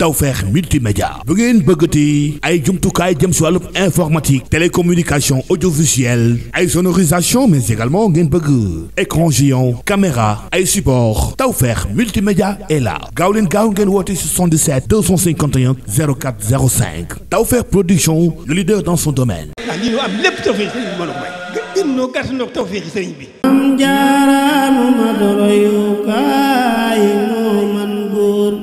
Tawfekh multimédia bu ngeen bëggati ay jumtukaay jëm si wàllu informatique télécommunication audiovisuelle ay sonorisation mais également ngeen bëgg écran géant caméra ay support Tawfekh multimédia est là gaaw leen gaaw ngeen woote 77 251 04 05 production le leader dans son domaine ah, noo gàtt noo tawfeex sëriñ bi am jaaraama ma doro yu kaay moo man góor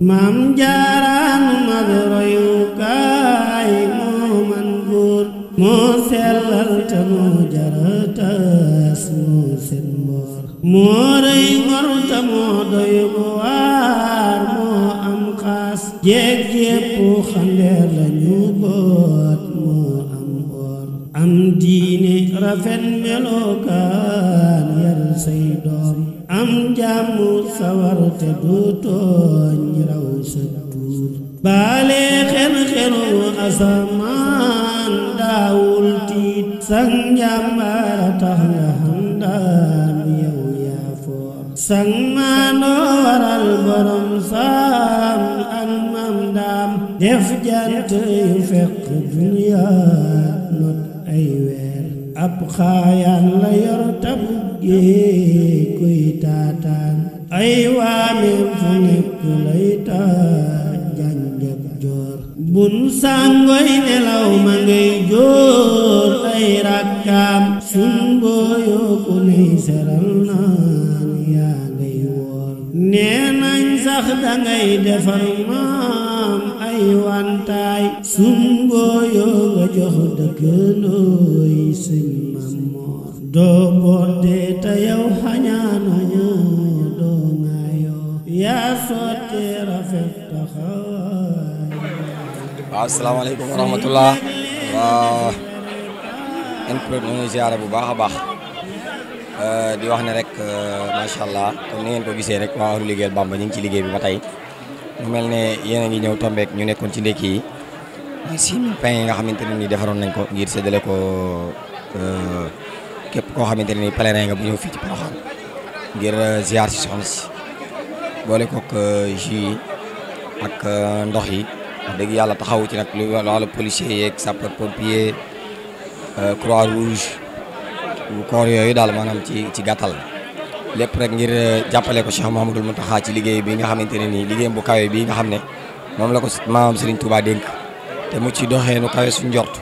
maam jaaraanu mag royukaay moo man buur moo sellal te moo jarataas moo seen mboor moo rëy moo doy waar moo am xaas jeeg yépp xandeer lañu boot moo am boor am diine rafet melokaay jaamu sawar te dootoo njiraw sang njàmbaara tax nga borom saam an mam daam def jant yu fekk duniyaa not ay weer ab xaayaan la yor tabu géej ay waameen fa nekk lay janjab joor bun sàngoy nelaw ma ngay joor ay rakkaam sun booyoo ku seral naan yaa ngay woor nee nañ sax dangay defar maam ay wantaay sun nga jox dëkkandoo sëñ Mamor doo botte te yow xañaan xañaan doo ŋaayoo yaa sotte rafet taxawaay waaw asalaamaaleykum wa rahmatullah waaw inpret ñu ngi bu baax a baax euh, di wax ne rek euh, macha allah comme ni ngeen ko gisee rek waa ahlu liggéeyal Bamba ñu ngi ci liggéey bi ba tey mu mel ne yeneen ñi ñëw tombeek ñu nekkoon ci ndekki yi six mille pain yi nga xamante ne ni defaroon nañ ko ngir séddale ko Euh, képp koo xamante ne nii pèlerin nga bu ñëw fii ci Porokhane ngir euh, ziar si soxna si boole kook euh, jus ak ndox yi dégg dëgg yàlla taxawu ci nag lu wàllu policier yeeg sapeur pompier croix rouge koor yooyu daal maanaam ci ci gàttal lépp rek ngir jàppale ko mu Cheikh Mouhamadoul Mountakha ci liggéey bi nga xamante ne nii liggéey bu kawe bi nga xam ne moom la ko si Serigne Touba dénk te mu ci doxee nu kawe suñ njort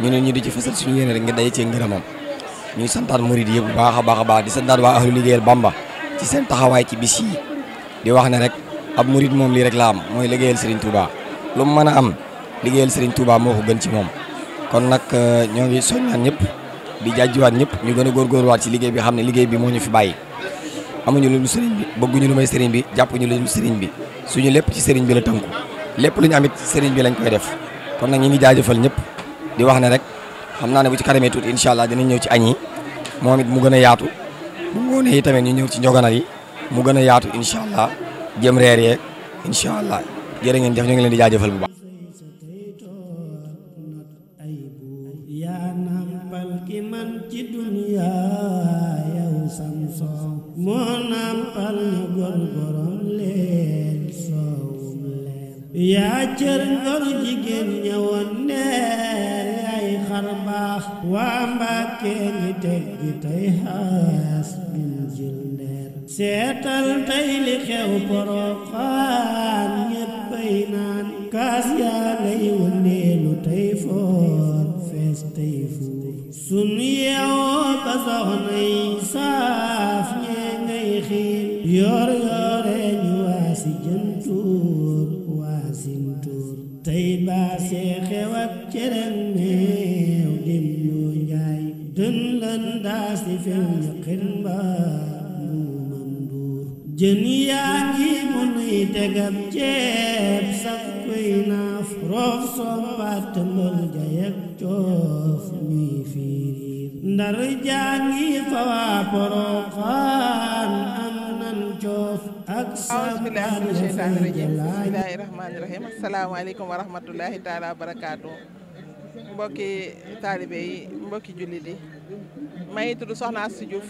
ñu ne ñu di ci fësal suñu yéene rek nga daje cee ngërëmam ñuy santaat murid yëpp bu baax a baax a baax di santaat waa ahlu liggéeyal Bamba ci seen taxawaay ci bis yi di wax ne rek ab murid moom lii rek la am mooy liggéeyal Serigne Touba lu mu mën a am liggéeyal Serigne Touba moo ko gën ci moom kon nag euh, ñoo ngi soññaan ñëpp di jàjjiwaat ñëpp ñu gën a góor waat ci liggéey bi xam ne liggéey bi moo ñu fi bàyyi amuñu lu sëriñ bi bëgguñu lu may sëriñ bi jàppuñu lu sëriñ bi suñu lépp ci sëriñ bi la tënku lépp lu ñu amit sëriñ bi lañ koy def kon nag ñu ngi jaajëfal ñëpp di wax ne rek xam naa ne bu ci kanamee tuuti incha allah dinañ ñëw ci añ yi moom it mu gën a yaatu bu ngoonee yi ñu ñëw ci njoganal yi mu gën a yaatu incha allah jëm reer yeeg allah jërë ngeen jëf ñu ngi leen di jaajëfal bu baax. moo nampal ñu gorgorom leen soow yaa cër ngor jigéen ñëwoon neer ay xarbaax waa Mbàkke ni teg gi tey xaas min jil ndeer seetal tey li xew poroxaan ñéppay naan kaas yaa lay wëndeelu tey foor fees tey fuur sun yeewoo ba soxna feeñ xil mbaa buumam duur jën yaa ngi mu nuy tegab ceeb sax koy naaf roof soppaat mbol jayeg coof ñuy fiiriir ndar jaa ngi fa waa am nan coof ak saabilaay min sheytaani rajiim bismillaahi rahmaani rahiim assalaamu aleykum wa rahmatullaahi taalaa mbokki taalibe mbokki jullit yi may tudd Soxna Astou Diouf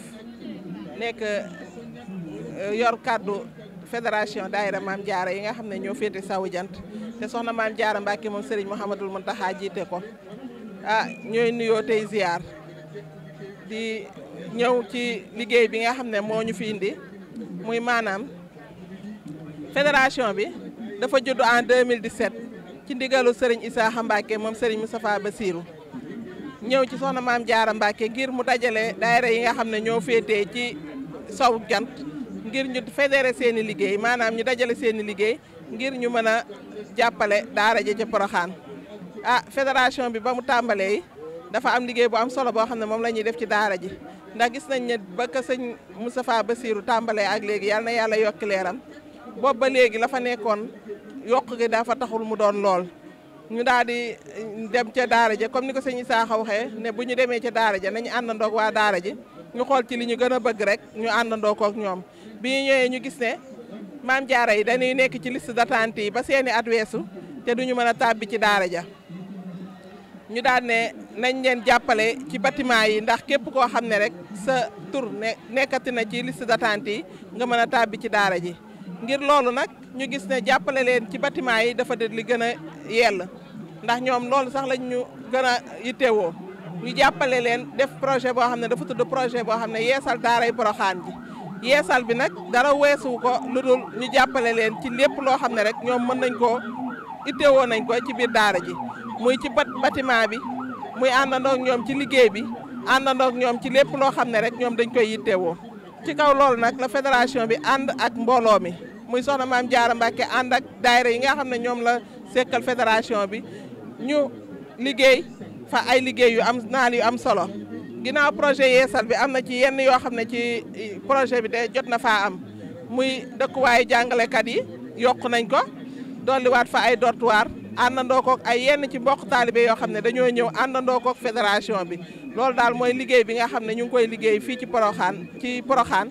nekk euh, yor kàddu fédération daayira Maam Jaara yi nga xam ne ñoo féete sawu jant te soxna Maam Jaara Mbàkke moom Serigne Mouhamadul Muntaxa jiite ko ah ñooy nuyoo tey ziar di ñëw ci liggéey bi nga xam ne moo ñu fi indi muy maanaam fédération bi dafa judd en mille 2017 ci ndigalu Serigne Issa Mbàkke moom Serigne Moustapha Bassirou ñëw ci soxna maam Jaara Mbàkke ngir mu dajale daara yi nga xam ne ñoo féetee ci saw jant ngir ñu fédéré seen liggéey maanaam ñu dajale seen i liggéey ngir ñu mën a jàppale daara ja ca Poroxaan ah fédération bi ba mu tàmbalee dafa am liggéey bu am solo boo xam ne moom lañuy def ci daara ji ndax gis nañ ne ba ka sëñ Moustapha Bassirou tàmbalee ak léegi yal na yàlla yokk leeram boobu ba léegi la fa nekkoon yokk gi fa taxul mu doon lool ñu daal di eh, dem ca daara ja comme ni ko sëñ Issa waxee ne bu ñu demee ca daara ja nañu àndandoog waa daara ji ñu xool ci li ñu gën a bëgg rek ñu àndandoo kook ñoom bi ñu ñëwee ñu gis ne maam jaara yi dañuy nekk ci liste d'attente yi ba seeni at weesu te du ñu mën a tàbbi ci daara ja ñu daal ne nañ leen jàppale ci bâtiment yi ndax képp koo xam ne rek sa tur ne nekkati na ci list d'attente yi nga mën a tàbbi ci daara ji ngir loolu nag ñu gis ne jàppale leen ci bâtiment yi dafa de li gën a yell ndax ñoom loolu sax lañ ñu gën a yittewoo ñu jàppale leen def projet boo xam ne dafa tudd projet boo xam ne yeesal daaray Poroxaan ji yeesal bi nag dara weesu ko lu ñu jàppale leen ci lépp loo xam ne rek ñoom mën nañ koo ittewoo nañ ko ci biir daara ji muy ci bat bâtiment bi muy àndandoo ñoom ci liggéey bi àndandoo ak ñoom ci lépp loo xam ne rek ñoom dañ koy yittewoo ci kaw loolu nag la fédération bi ànd ak mbooloo mi muy soxna maam Diarra Mbacke ànd ak daayira yi nga xam ne ñoom la sekkal fédération bi ñu liggéey fa ay liggéey yu am naal yu am solo ginnaaw projet yeesal bi am na ci yenn yoo xam ne ci projet bi de jot na faa am muy dëkkuwaayu jàngalekat yi yokk nañ ko dolliwaat fa ay dortoir àndandoo kook ay yenn ci mbokk taalibe yoo xam ne dañoo ñëw àndandoo kook fédération bi loolu daal mooy liggéey bi nga xam ne ñu ngi koy liggéey fii ci Poroxaan ci Poroxaan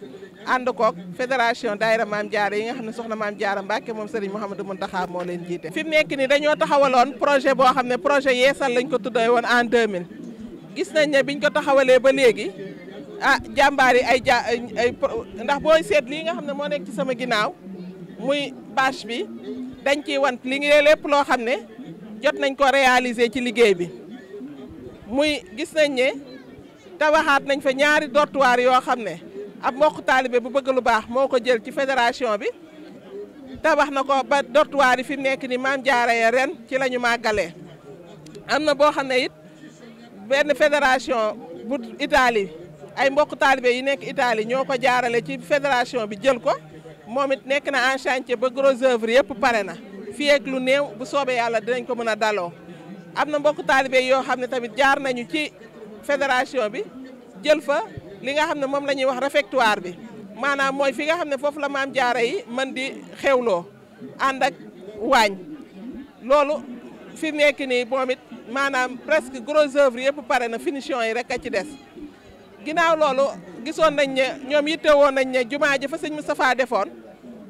ànd koog fédération daayira maam jaar yi nga xam ne soxna maam jaara Mbàkke moom Serigne Mouhamadou Mountakha moo leen jiite fi mu nekk ni dañoo taxawaloon projet boo xam ne projet yeesal lañ ko tuddee woon en 2000 gis nañ ne biñ ko taxawalee ba léegi ah jàmbaar yi ay jaa ay ndax booy seet lii nga xam ne moo nekk ci sama ginnaaw muy bâche bi dañ ciy want li ngi lépp loo xam ne jot nañ ko réaliser ci liggéey bi muy gis nañ ne tabaxaat nañ fa ñaari dortoir yoo xam ne am mbokk taalibe bu bëgg lu baax moo ko jël ci fédération bi tabax na ko ba yi fi nekk ni maam jaara ya ren ci la ñu màggalee am na boo xam ne it benn fédération bu Italie ay mbokk taalibe yi nekk Italie ñoo ko jaarale ci fédération bi jël ko moom it nekk na en chantier ba gros œuvre yëpp pare na fii lu néew bu soobee yàlla dinañ ko mën a daloo am na mbokk taalibe yoo xam ne tamit jaar nañu ci fédération bi jël fa li nga xam ne moom lañuy ñuy wax réfectoire bi maanaam mooy fi nga xam ne foofu la maam jaara man mën di xewloo ànd ak waañ loolu fi nekk nii moom it maanaam presque gros œuvre yëpp pare na finition yi rek a ci des ginnaaw loolu gisoon nañ ne ñoom yitte woon nañ ne jumaa ji fa sëñ Moustapha defoon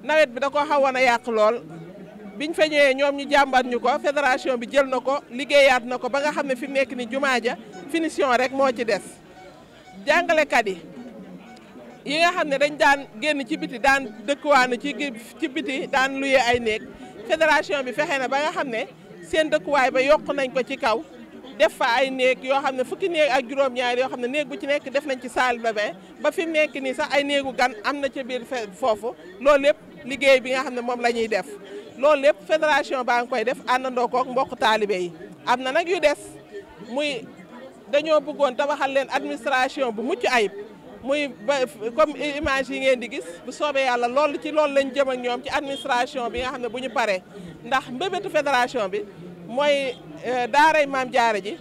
nawet bi da koo xawoon a yàq lool bi fa ñëwee ñoom ñu jàmbat ñu ko fédération bi jël na ko liggéeyaat na ko ba nga xam ne fi mu nekk ni jumaa ja finition rek moo ci des jàngalekat yi yi nga xam ne dañ daan génn ci biti daan dëkkuwaanu ci ci biti daan luye ay néeg fédération bi fexe na ba nga xam ne seen dëkkuwaay ba yokk nañ ko ci kaw def fa ay néeg yoo xam ne fukki néeg ak juróom-ñaar yoo xam ne néeg bu ci nekk def nañ ci salle de ba fi nekk nii sax ay néegu gan am na ci biir foofu loolu lépp liggéey bi nga xam ne moom la ñuy def loolu lépp fédération baa ngi koy def àndandoo kook mbokk taalibe yi am na nag yu des muy dañoo bëggoon tabaxal leen administration bu mucc ayib muy ba image yi ngeen di gis bu soobee yàlla loolu ci loolu lañ jëm ak ñoom ci administration bi nga xam ne bu ñu paree ndax mbébétu fédération bi mooy euh, daaray maam jaare ji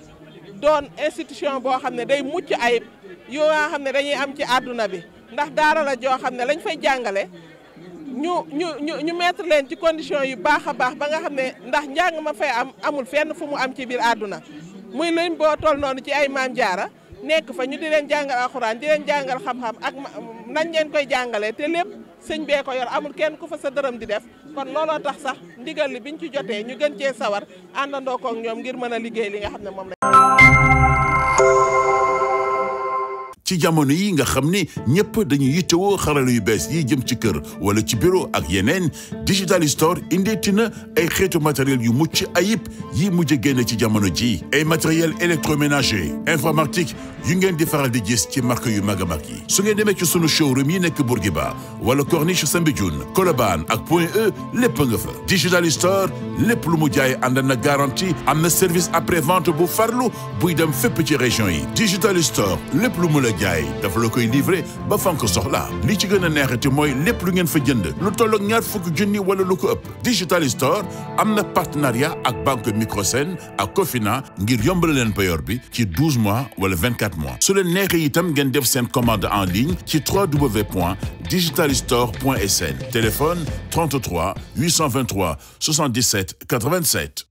doon institution boo xam ne day mucc ayib yoo nga xam ne dañuy am ci àdduna bi ndax daara joo xam ne lañ fay jàngale ñu ñu ñu ñu mettre leen ci condition yi baax a baax ba nga xam ne ndax njàng ma fay am amul fenn fu mu am ci biir àdduna muy leen boo toll noonu ci ay maam jaara nekk fa ñu di leen jàngal alxuraan di leen jàngal xam-xam ak nañ leen koy jàngalee te lépp sëñ bee ko yor amul kenn ku fa sa dërëm di def kon looloo tax sax ndigal li ñu ci jotee ñu gën cee sawar àndandoo kook ñoom ngir mën a liggéey li nga xam ne moom ci jamono yi nga xam ni ñëpp dañu yittewoo xarala yu bees yi jëm ci kër wala ci bureau ak yeneen digital store indeeti na ay xeetu matériel yu mucc ayib yi mujj génn ci jamono ji ay matériel électroménager informatique yu ngeen di faral di gis ci marque yu mag a mag su ngeen demee ci sunu showroom yi nekk Bourguiba wala Corniche Soumbédioune Colobane ak Point E lépp nga fa digital lépp lu mu jaay ànd na garantie am na service après vente bu farlu buy dem fépp ci région yi digital jaay dafa la koy livré ba fan soxla soxlaa li ci gën a neexati mooy lépp lu ngeen fa jënd lu tolloog ñaar fukki junni wala lu ko ëpp digital store am na partenariat ak banque Microsen ak Cofina ngir yombal leen payoor bi ci 12 mois wala 24 mois su leen e itam ngeen def seen commande en ligne ci www.digitalstore.sn téléphone 33 823 77 87